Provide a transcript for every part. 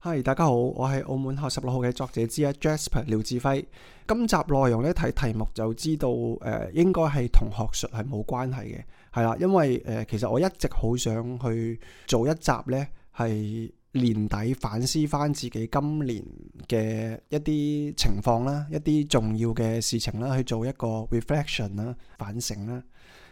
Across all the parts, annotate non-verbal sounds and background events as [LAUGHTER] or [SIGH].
Hi 大家好，我係澳門學十六號嘅作者之一 Jasper 廖志輝。今集內容咧睇題目就知道，誒、呃，應該係同學術係冇關係嘅係啦。因為誒、呃，其實我一直好想去做一集呢，係年底反思翻自己今年嘅一啲情況啦，一啲重要嘅事情啦，去做一個 reflection 啦，反省啦。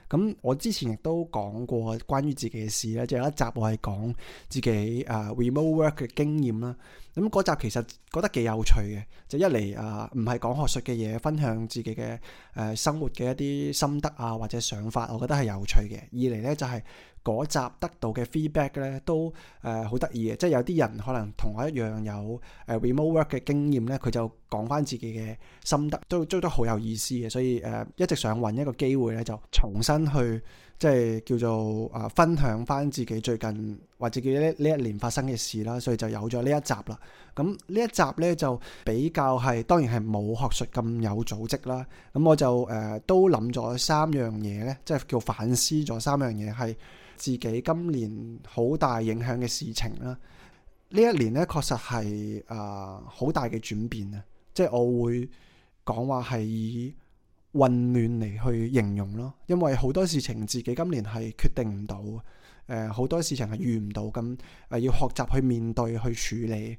咁我之前亦都講過關於自己嘅事啦，就係、有一集我係講自己啊、嗯 uh, remote work 嘅經驗啦。咁嗰集其實覺得幾有趣嘅，就一嚟啊，唔係講學術嘅嘢，分享自己嘅誒、呃、生活嘅一啲心得啊，或者想法，我覺得係有趣嘅。二嚟呢，就係、是、嗰集得到嘅 feedback 呢都誒好得意嘅，即、呃、係有啲、就是、人可能同我一樣有誒 remote work 嘅經驗呢，佢就講返自己嘅心得，都都都好有意思嘅。所以誒、呃、一直想揾一個機會呢，就重新去。即係叫做啊、呃，分享翻自己最近或者叫呢呢一年發生嘅事啦，所以就有咗呢一集啦。咁、嗯、呢一集呢，就比較係當然係冇學術咁有組織啦。咁、嗯、我就誒、呃、都諗咗三樣嘢呢，即係叫反思咗三樣嘢係自己今年好大影響嘅事情啦。呢一年呢，確實係啊好大嘅轉變啊！即係我會講話係以。混亂嚟去形容咯，因為好多事情自己今年係決定唔到，誒、呃、好多事情係遇唔到，咁誒、呃、要學習去面對去處理。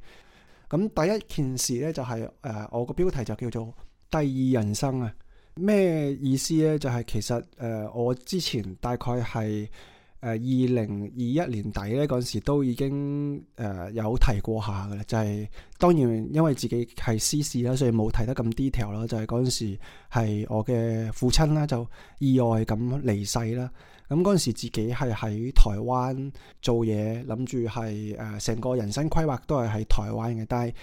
咁、嗯、第一件事呢，就係、是、誒、呃、我個標題就叫做第二人生啊，咩意思呢？就係、是、其實誒、呃、我之前大概係。誒，二零二一年底咧，嗰陣時都已經誒、呃、有提過下嘅啦，就係、是、當然因為自己係私事啦，所以冇提得咁 detail 啦。就係嗰陣時係我嘅父親啦，就意外咁離世啦。咁嗰陣時自己係喺台灣做嘢，諗住係誒成個人生規劃都係喺台灣嘅，但係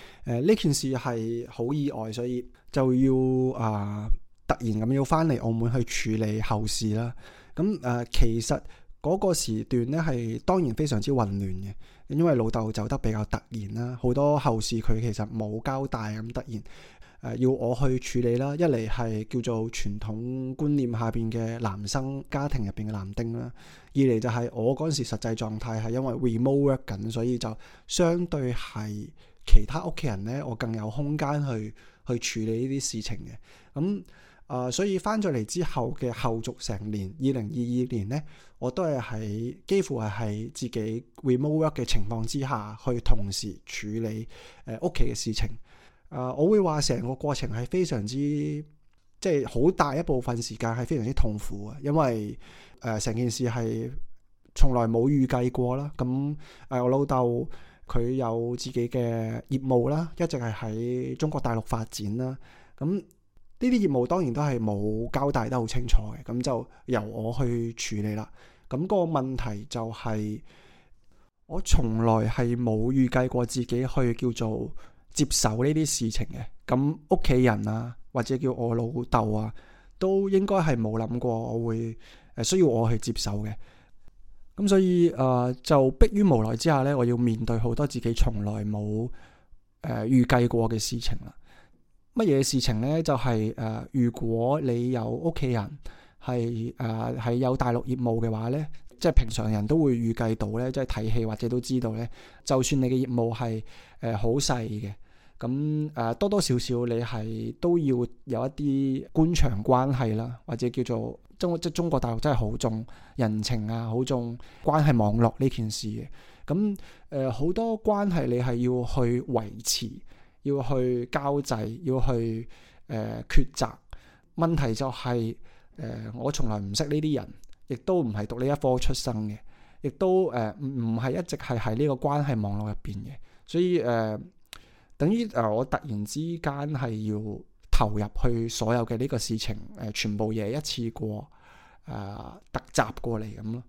誒呢件事係好意外，所以就要啊、呃、突然咁要翻嚟澳門去處理後事啦。咁誒、呃，其實。嗰個時段咧，係當然非常之混亂嘅，因為老豆走得比較突然啦，好多後事佢其實冇交代咁突然，誒、呃、要我去處理啦。一嚟係叫做傳統觀念下邊嘅男生家庭入邊嘅男丁啦，二嚟就係我嗰陣時實際狀態係因為 remote work 緊，所以就相對係其他屋企人咧，我更有空間去去處理呢啲事情嘅，咁、嗯。啊、呃！所以翻咗嚟之後嘅後續成年，二零二二年咧，我都係喺幾乎係喺自己 remote work 嘅情況之下，去同時處理誒屋企嘅事情。啊、呃，我會話成個過程係非常之即係好大一部分時間係非常之痛苦嘅，因為誒成、呃、件事係從來冇預計過啦。咁誒、呃，我老豆佢有自己嘅業務啦，一直係喺中國大陸發展啦。咁。呢啲業務當然都係冇交代得好清楚嘅，咁就由我去處理啦。咁、個問題就係、是，我從來係冇預計過自己去叫做接受呢啲事情嘅。咁屋企人啊，或者叫我老豆啊，都應該係冇諗過我會誒需要我去接受嘅。咁所以誒、呃、就迫於無奈之下呢，我要面對好多自己從來冇誒、呃、預計過嘅事情啦。乜嘢事情咧？就係、是、誒、呃，如果你有屋企人係誒係有大陸業務嘅話咧，即係平常人都會預計到咧，即係睇戲或者都知道咧。就算你嘅業務係誒好細嘅，咁、呃、誒、呃、多多少少你係都要有一啲官場關係啦，或者叫做中即係中國大陸真係好重人情啊，好重關係網絡呢件事嘅。咁誒好多關係你係要去維持。要去交際，要去誒抉擇。問題就係、是、誒、呃，我從來唔識呢啲人，亦都唔係讀呢一科出生嘅，亦都誒唔係一直係喺呢個關係網絡入邊嘅。所以誒、呃，等於誒我突然之間係要投入去所有嘅呢個事情，誒、呃、全部嘢一次過誒突襲過嚟咁咯。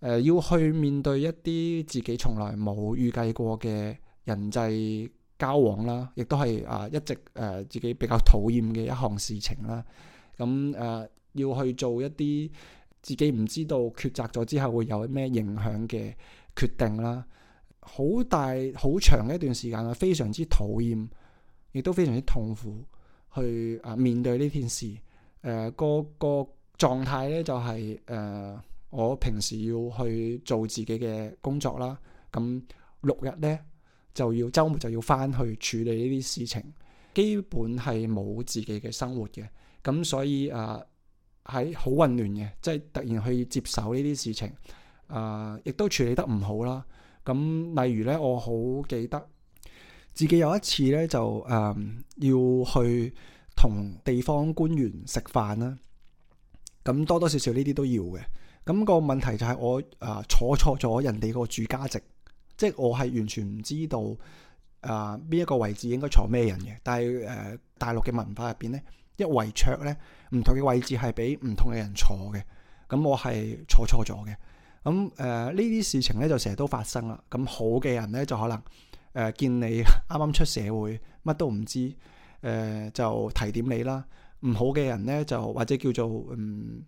誒、呃、要去面對一啲自己從來冇預計過嘅人際交往啦，亦都係啊，一直誒、呃、自己比較討厭嘅一項事情啦。咁、嗯、誒、呃、要去做一啲自己唔知道抉擇咗之後會有咩影響嘅決定啦。好大好長一段時間啦，非常之討厭，亦都非常之痛苦去啊面對呢件事。誒、呃，個個狀態咧就係、是、誒、呃，我平時要去做自己嘅工作啦。咁、嗯、六日咧。就要周末就要翻去處理呢啲事情，基本係冇自己嘅生活嘅，咁所以啊，喺好混亂嘅，即係突然去接手呢啲事情，啊，亦都處理得唔好啦。咁例如咧，我好記得自己有一次咧就啊、嗯，要去同地方官員食飯啦。咁多多少少呢啲都要嘅，咁個問題就係我啊坐錯咗人哋個主家席。即係我係完全唔知道啊邊、呃、一個位置應該坐咩人嘅，但係誒、呃、大陸嘅文化入邊咧，一圍桌咧唔同嘅位置係俾唔同嘅人坐嘅，咁、嗯、我係坐錯咗嘅。咁誒呢啲事情咧就成日都發生啦。咁、嗯、好嘅人咧就可能誒、呃、見你啱啱出社會，乜都唔知，誒、呃、就提點你啦。唔好嘅人咧就或者叫做嗯。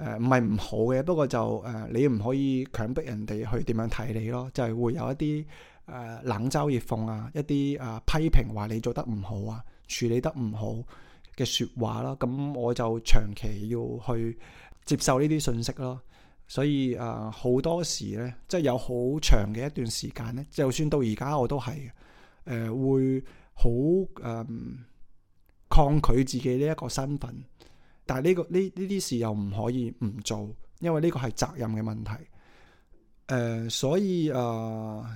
誒唔係唔好嘅，不過就誒、呃、你唔可以強迫人哋去點樣睇你咯，就係、是、會有一啲誒、呃、冷嘲熱諷啊，一啲啊、呃、批評話你做得唔好啊，處理得唔好嘅説話啦，咁我就長期要去接受呢啲信息咯，所以誒好、呃、多時咧，即係有好長嘅一段時間咧，就算到而家我都係誒、呃、會好誒、呃、抗拒自己呢一個身份。但係、這、呢個呢呢啲事又唔可以唔做，因為呢個係責任嘅問題。誒、呃，所以誒呢、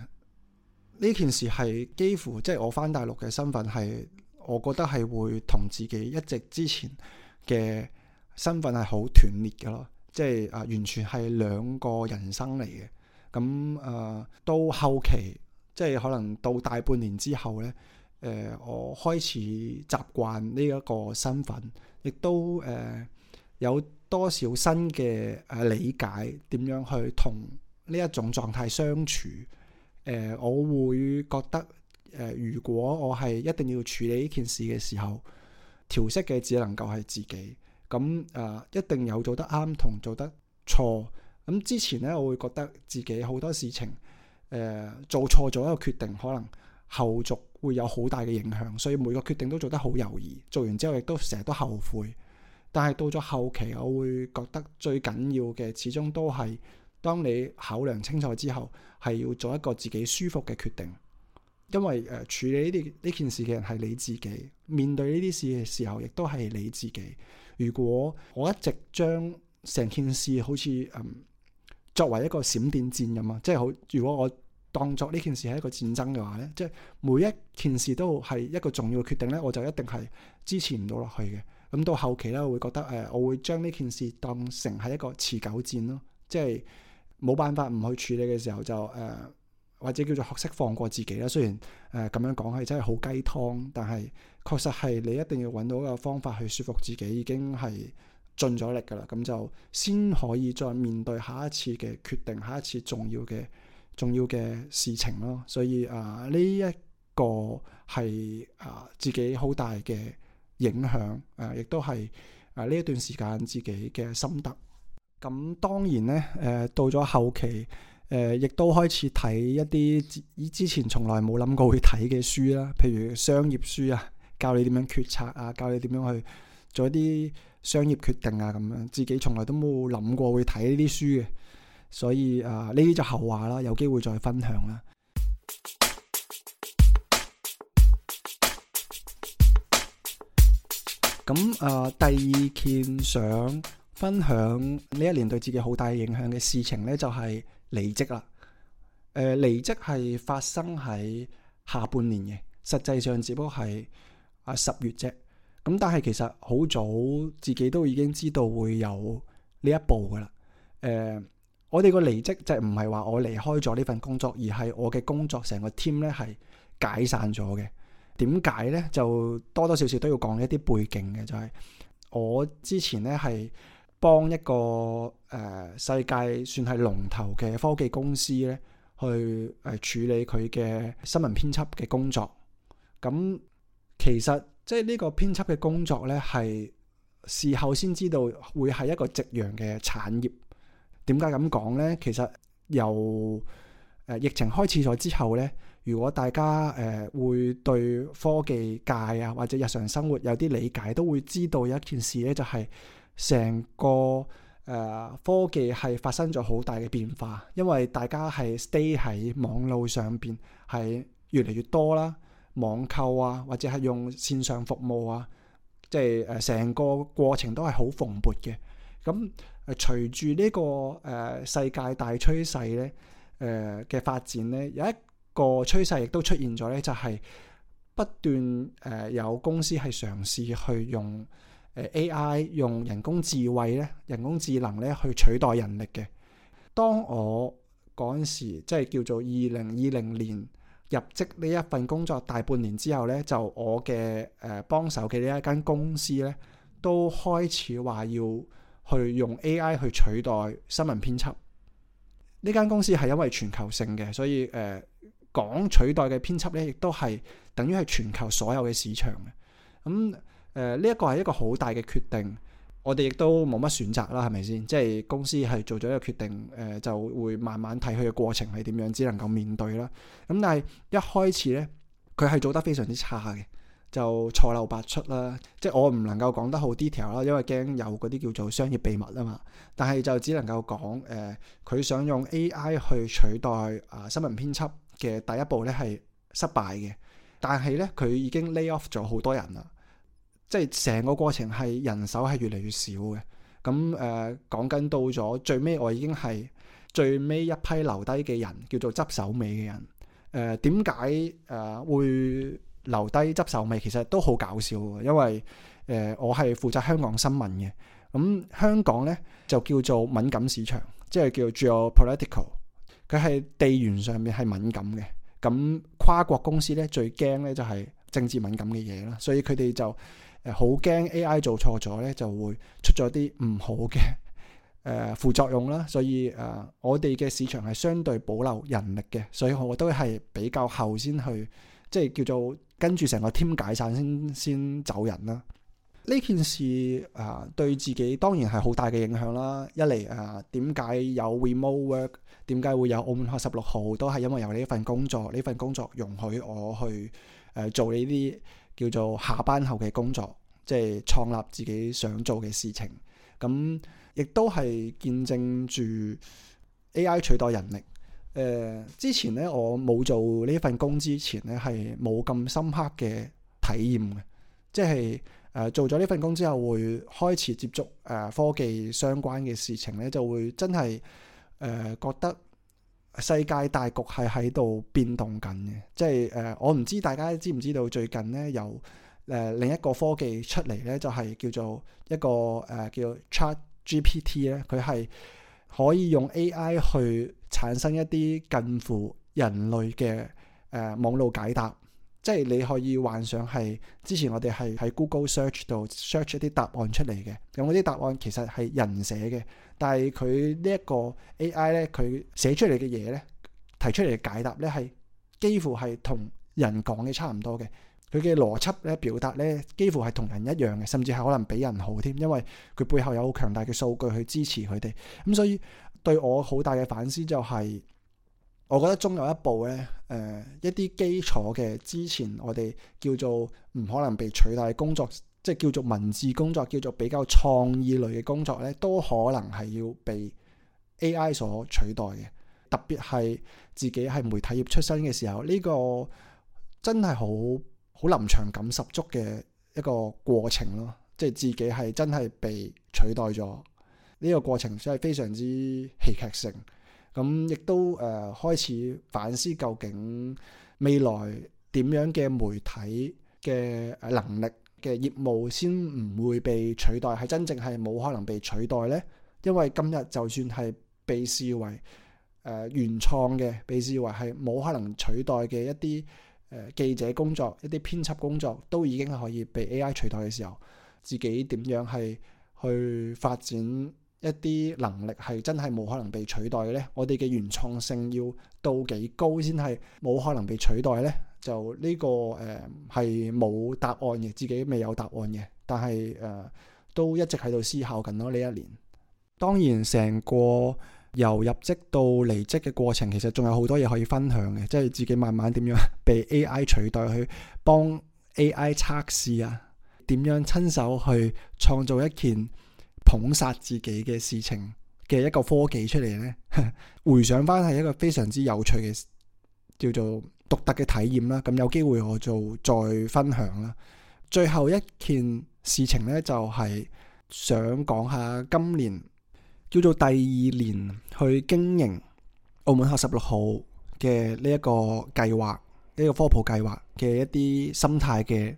呃、件事係幾乎即係我翻大陸嘅身份係，我覺得係會同自己一直之前嘅身份係好斷裂嘅咯，即係啊、呃、完全係兩個人生嚟嘅。咁、嗯、誒、呃、到後期，即係可能到大半年之後咧。誒、呃，我開始習慣呢一個身份，亦都誒有多少新嘅誒理解，點樣去同呢一種狀態相處。誒、呃，我會覺得誒、呃，如果我係一定要處理呢件事嘅時候，調適嘅只能夠係自己。咁誒、呃，一定有做得啱同做得錯。咁之前咧，我會覺得自己好多事情誒、呃、做錯咗一個決定，可能後續，會有好大嘅影響，所以每個決定都做得好猶豫。做完之後亦都成日都後悔。但係到咗後期，我會覺得最緊要嘅，始終都係當你考量清楚之後，係要做一個自己舒服嘅決定。因為誒、呃、處理呢啲呢件事嘅人係你自己，面對呢啲事嘅時候亦都係你自己。如果我一直將成件事好似嗯作為一個閃電戰咁啊，即係好，如果我。當作呢件事係一個戰爭嘅話呢，即係每一件事都係一個重要嘅決定呢，我就一定係支持唔到落去嘅。咁到後期咧，我會覺得誒、呃，我會將呢件事當成係一個持久戰咯。即係冇辦法唔去處理嘅時候就，就、呃、誒或者叫做學識放過自己啦。雖然誒咁、呃、樣講係真係好雞湯，但係確實係你一定要揾到一個方法去說服自己，已經係盡咗力噶啦。咁就先可以再面對下一次嘅決定，下一次重要嘅。重要嘅事情咯，所以啊呢一個係啊自己好大嘅影響，啊，亦都係啊呢一段時間自己嘅心得。咁當然咧，誒、呃、到咗後期，誒、呃、亦都開始睇一啲以之前從來冇諗過會睇嘅書啦，譬如商業書啊，教你點樣決策啊，教你點樣去做一啲商業決定啊，咁樣自己從來都冇諗過會睇呢啲書嘅。所以啊，呢啲就後話啦，有機會再分享啦。咁、嗯、啊，第二件想分享呢一年對自己好大影響嘅事情呢，就係、是、離職啦。誒、呃，離職係發生喺下半年嘅，實際上只不過係啊十月啫。咁、嗯、但係其實好早，自己都已經知道會有呢一步㗎喇。誒、呃。我哋個離職就唔係話我離開咗呢份工作，而係我嘅工作成個 team 咧，係解散咗嘅。點解咧？就多多少少都要講一啲背景嘅，就係、是、我之前咧係幫一個誒、呃、世界算係龍頭嘅科技公司咧，去誒處理佢嘅新聞編輯嘅工作。咁、嗯、其實即係呢個編輯嘅工作咧，係事後先知道會係一個夕陽嘅產業。點解咁講咧？其實由誒、呃、疫情開始咗之後咧，如果大家誒、呃、會對科技界啊或者日常生活有啲理解，都會知道有一件事咧，就係、是、成個誒、呃、科技係發生咗好大嘅變化，因為大家係 stay 喺網路上邊係越嚟越多啦，網購啊或者係用線上服務啊，即係誒成個過程都係好蓬勃嘅。咁，隨住呢個誒世界大趨勢咧，誒嘅發展咧，有一個趨勢亦都出現咗咧，就係不斷誒有公司係嘗試去用誒 AI 用人工智慧咧、人工智能咧去取代人力嘅。當我嗰陣時，即係叫做二零二零年入職呢一份工作大半年之後咧，就我嘅誒幫手嘅呢一間公司咧，都開始話要去用 AI 去取代新聞編輯，呢間公司係因為全球性嘅，所以誒、呃、講取代嘅編輯咧，亦都係等於係全球所有嘅市場嘅。咁誒呢一個係一個好大嘅決定，我哋亦都冇乜選擇啦，係咪先？即係公司係做咗一個決定，誒、呃、就會慢慢睇佢嘅過程係點樣，只能夠面對啦。咁、嗯、但係一開始咧，佢係做得非常之差嘅。就錯漏百出啦，即係我唔能夠講得好 detail 啦，因為驚有嗰啲叫做商業秘密啊嘛。但係就只能夠講誒，佢、呃、想用 AI 去取代啊、呃、新聞編輯嘅第一步咧係失敗嘅，但係咧佢已經 lay off 咗好多人啦，即係成個過程係人手係越嚟越少嘅。咁誒講緊到咗最尾，我已經係最尾一批留低嘅人，叫做執手尾嘅人。誒點解誒會？留低執手尾其實都好搞笑，因為誒、呃、我係負責香港新聞嘅，咁、嗯、香港咧就叫做敏感市場，即係叫做 geopolitical，佢係地緣上面係敏感嘅，咁、嗯、跨國公司咧最驚咧就係政治敏感嘅嘢啦，所以佢哋就誒好驚 AI 做錯咗咧就會出咗啲唔好嘅誒、呃、副作用啦，所以誒、呃、我哋嘅市場係相對保留人力嘅，所以我都係比較後先去即係叫做。跟住成個 team 解散先，先走人啦。呢件事啊、呃，對自己當然係好大嘅影響啦。一嚟啊，點、呃、解有 remote work？點解會有澳門學十六號，都係因為有呢份工作，呢份工作容許我去誒、呃、做呢啲叫做下班後嘅工作，即係創立自己想做嘅事情。咁亦都係見證住 AI 取代人力。誒、呃、之前咧，我冇做呢份工之前咧，係冇咁深刻嘅體驗嘅。即係誒、呃、做咗呢份工之後，會開始接觸誒、呃、科技相關嘅事情咧，就會真係誒、呃、覺得世界大局係喺度變動緊嘅。即係誒、呃，我唔知大家知唔知道最近咧有誒另一個科技出嚟咧，就係、是、叫做一個誒、呃、叫 Chat GPT 咧，佢係可以用 AI 去，產生一啲近乎人類嘅，誒、呃、網路解答，即係你可以幻想係之前我哋係喺 Google Search 度 search 一啲答案出嚟嘅，咁嗰啲答案其實係人寫嘅，但係佢呢一個 AI 咧，佢寫出嚟嘅嘢咧，提出嚟嘅解答咧，係幾乎係同人講嘅差唔多嘅，佢嘅邏輯咧、表達咧，幾乎係同人一樣嘅，甚至係可能比人好添，因為佢背後有好強大嘅數據去支持佢哋，咁所以。對我好大嘅反思就係，我覺得終有一步咧，誒、呃，一啲基礎嘅之前我哋叫做唔可能被取代嘅工作，即係叫做文字工作，叫做比較創意類嘅工作咧，都可能係要被 A.I. 所取代嘅。特別係自己係媒體業出身嘅時候，呢、這個真係好好臨場感十足嘅一個過程咯，即係自己係真係被取代咗。呢個過程真係非常之戲劇性，咁亦都誒、呃、開始反思究竟未來點樣嘅媒體嘅能力嘅業務先唔會被取代，係真正係冇可能被取代呢？因為今日就算係被視為誒、呃、原創嘅，被視為係冇可能取代嘅一啲誒、呃、記者工作、一啲編輯工作，都已經可以被 AI 取代嘅時候，自己點樣係去發展？一啲能力係真係冇可能被取代嘅咧，我哋嘅原創性要到幾高先係冇可能被取代咧？就呢個誒係冇答案嘅，自己未有答案嘅，但係誒、呃、都一直喺度思考緊咯，呢一年。當然成個由入職到離職嘅過程，其實仲有好多嘢可以分享嘅，即係自己慢慢點樣被 AI 取代，去幫 AI 測試啊，點樣親手去創造一件捧殺自己嘅事情嘅一個科技出嚟呢， [LAUGHS] 回想翻係一個非常之有趣嘅、叫做獨特嘅體驗啦。咁有機會我就再分享啦。最後一件事情呢，就係、是、想講下今年叫做第二年去經營澳門號十六號澳門學十六號嘅呢一個計劃，呢、這個科普計劃嘅一啲心態嘅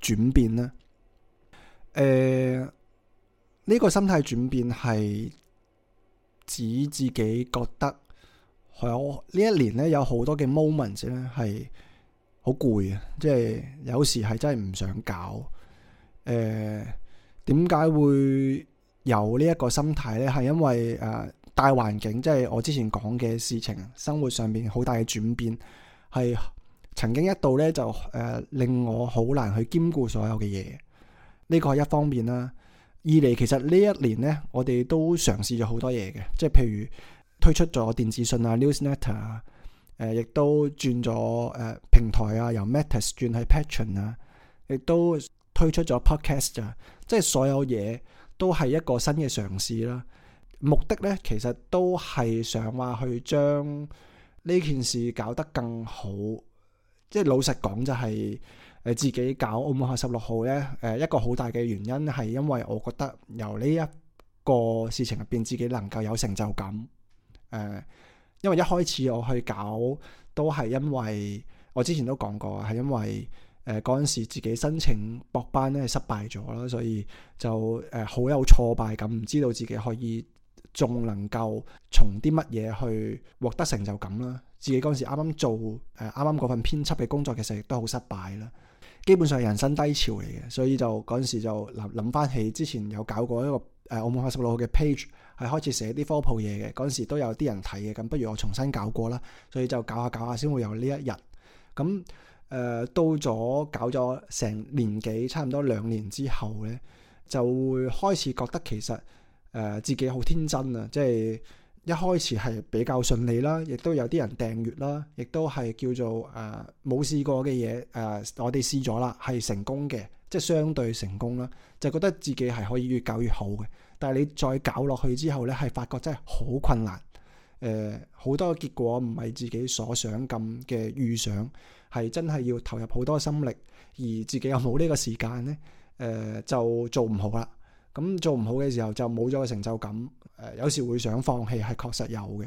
轉變啦。誒、呃。呢個心態轉變係指自己覺得係我呢一年咧有好多嘅 moment 咧係好攰啊，即係有時係真係唔想搞。誒，點解會有呢一個心態咧？係因為誒、呃、大環境，即係我之前講嘅事情，生活上面好大嘅轉變，係曾經一度咧就誒、呃、令我好難去兼顧所有嘅嘢。呢、呢個係一方面啦。二嚟，其實呢一年咧，我哋都嘗試咗好多嘢嘅，即係譬如推出咗電子信啊 Newsletter 啊，誒、啊，亦、呃、都轉咗誒平台啊，由 Matters 轉去 Patreon 啊，亦都推出咗 Podcast 啊。即係所有嘢都係一個新嘅嘗試啦。目的咧，其實都係想話去將呢件事搞得更好。即係老實講、就是，就係。你自己搞澳門學十六號咧，誒、呃、一個好大嘅原因係因為我覺得由呢一個事情入邊，自己能夠有成就感。誒、呃，因為一開始我去搞都係因為我之前都講過，係因為誒嗰陣時自己申請博班咧係失敗咗啦，所以就誒好、呃、有挫敗感，唔知道自己可以仲能夠從啲乜嘢去獲得成就感啦。自己嗰陣時啱啱做誒啱啱嗰份編輯嘅工作，其實亦都好失敗啦。基本上係人生低潮嚟嘅，所以就嗰陣時就諗諗翻起之前有搞過一個誒澳門學16號嘅 page，係開始寫啲科普嘢嘅。嗰陣時都有啲人睇嘅，咁不如我重新搞過啦。所以就搞下搞下，先會有呢一日。咁誒、呃、到咗搞咗成年幾，差唔多兩年之後咧，就會開始覺得其實誒、呃、自己好天真啊，即係。一開始係比較順利啦，亦都有啲人訂閱啦，亦都係叫做誒冇、呃、試過嘅嘢誒，我哋試咗啦，係成功嘅，即係相對成功啦。就覺得自己係可以越搞越好嘅，但係你再搞落去之後咧，係發覺真係好困難。誒、呃，好多結果唔係自己所想咁嘅預想，係真係要投入好多心力，而自己又冇呢個時間咧，誒、呃、就做唔好啦。咁做唔好嘅時候就冇咗個成就感，誒、呃、有時會想放棄，係確實有嘅。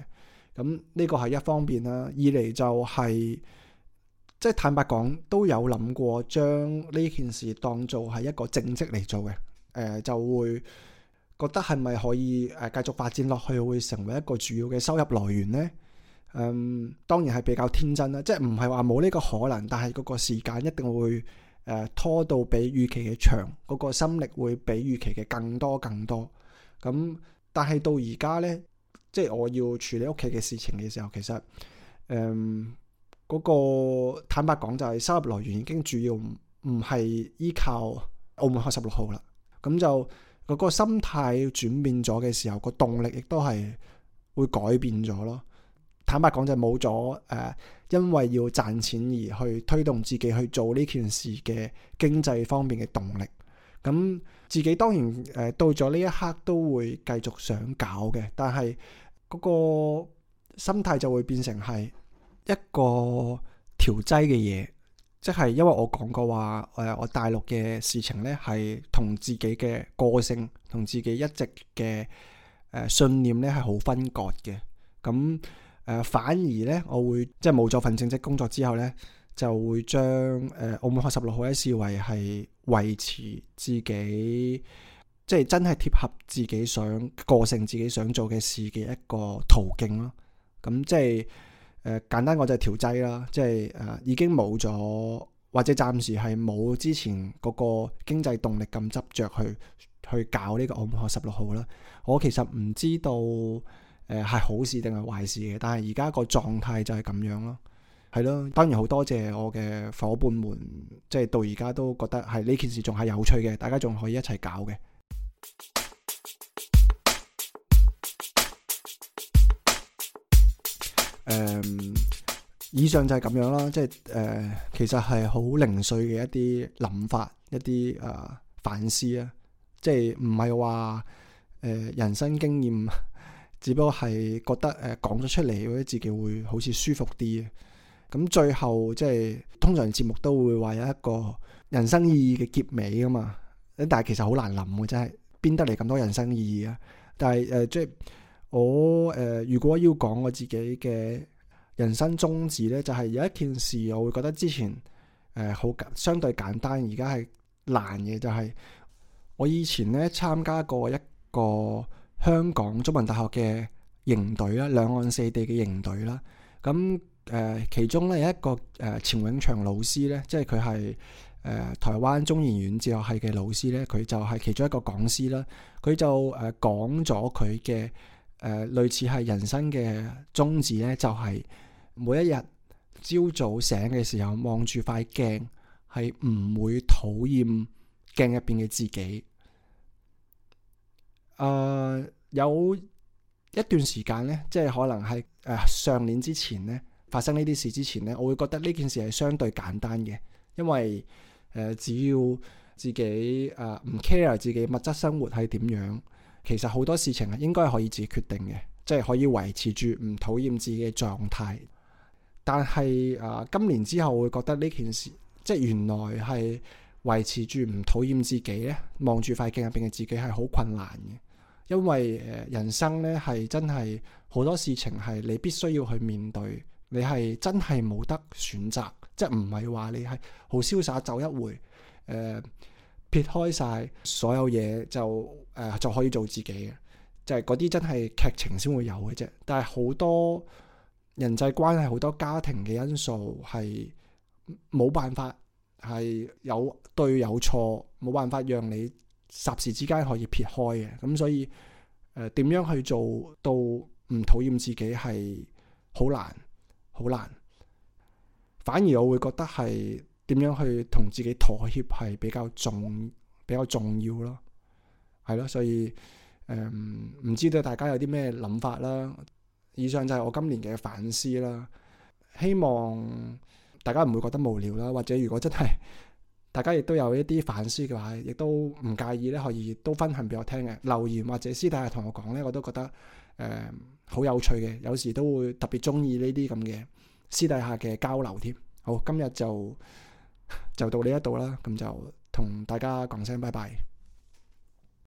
咁呢個係一方面啦，二嚟就係、是、即係坦白講都有諗過將呢件事當做係一個正職嚟做嘅，誒、呃、就會覺得係咪可以誒繼續發展落去，會成為一個主要嘅收入來源呢？嗯，當然係比較天真啦，即係唔係話冇呢個可能，但係嗰個時間一定會。誒拖到比預期嘅長，嗰個心力會比預期嘅更多更多。咁但係到而家咧，即係我要處理屋企嘅事情嘅時候，其實誒嗰個坦白講就係收入來源已經主要唔係依靠澳門學十六號啦。咁就嗰個心態轉變咗嘅時候，個動力亦都係會改變咗咯。坦白講，就冇咗誒，因為要賺錢而去推動自己去做呢件事嘅經濟方面嘅動力。咁、嗯、自己當然誒、呃、到咗呢一刻都會繼續想搞嘅，但係嗰個心態就會變成係一個調劑嘅嘢，即係因為我講過話誒、呃，我大陸嘅事情呢係同自己嘅個性同自己一直嘅誒、呃、信念呢係好分割嘅。咁、嗯誒、呃、反而咧，我會即係冇咗份正職工作之後咧，就會將誒、呃、澳門學十六號咧視為係維持自己，即係真係貼合自己想過剩自己想做嘅事嘅一個途徑咯。咁、嗯、即係誒、呃、簡單，我就係調劑啦。即係誒、呃、已經冇咗，或者暫時係冇之前嗰個經濟動力咁執着去去搞呢個澳門學十六號啦。我其實唔知道。誒係好事定係壞事嘅，但係而家個狀態就係咁樣咯，係咯。當然好多謝我嘅伙伴們，即係到而家都覺得係呢件事仲係有趣嘅，大家仲可以一齊搞嘅。誒、嗯，以上就係咁樣啦，即係誒、呃，其實係好零碎嘅一啲諗法、一啲啊、呃、反思啊，即係唔係話誒人生經驗。只不過係覺得誒講咗出嚟，覺得自己會好似舒服啲。咁最後即係通常節目都會話有一個人生意義嘅結尾啊嘛。但係其實好難諗嘅真係，邊得嚟咁多人生意義啊？但係誒、呃、即係我誒、呃，如果要講我自己嘅人生宗旨咧，就係、是、有一件事，我會覺得之前誒好、呃、相對簡單，而家係難嘅就係、是、我以前咧參加過一個。香港中文大學嘅營隊啦，兩岸四地嘅營隊啦，咁誒、呃，其中咧有一個誒、呃，錢永祥老師咧，即係佢係誒台灣中研院哲學系嘅老師咧，佢就係其中一個講師啦，佢就誒、呃、講咗佢嘅誒類似係人生嘅宗旨咧，就係、是、每一日朝早醒嘅時候望住塊鏡，係唔會討厭鏡入邊嘅自己。誒、呃、有一段時間咧，即係可能係誒、呃、上年之前咧，發生呢啲事之前咧，我會覺得呢件事係相對簡單嘅，因為誒、呃、只要自己誒唔 care 自己物質生活係點樣，其實好多事情係應該可以自己決定嘅，即係可以維持住唔討厭自己嘅狀態。但係誒、呃、今年之後我會覺得呢件事，即係原來係維持住唔討厭自己咧，望住塊鏡入邊嘅自己係好困難嘅。因為誒，人生咧係真係好多事情係你必須要去面對，你係真係冇得選擇，即係唔係話你係好瀟灑走一回，誒、呃、撇開晒所有嘢就誒、呃、就可以做自己嘅，就係嗰啲真係劇情先會有嘅啫。但係好多人際關係、好多家庭嘅因素係冇辦法係有對有錯，冇辦法讓你。霎時之間可以撇開嘅，咁所以誒點樣去做到唔討厭自己係好難，好難。反而我會覺得係點樣去同自己妥協係比較重，比較重要咯。係咯，所以誒唔知對大家有啲咩諗法啦。以上就係我今年嘅反思啦。希望大家唔會覺得無聊啦，或者如果真係，大家亦都有一啲反思嘅話，亦都唔介意咧，可以都分享俾我聽嘅留言或者私底下同我講咧，我都覺得誒好有趣嘅，有時都會特別中意呢啲咁嘅私底下嘅交流添。好，今日就就到呢一度啦，咁就同大家講聲拜拜。